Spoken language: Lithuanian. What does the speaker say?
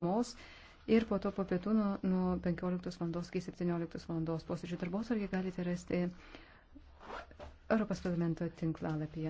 paramos. Ir po to po pietų nuo, nuo 15 val. iki 17 val. posėdžių darbos argi galite rasti Europos parlamento tinklalapyje.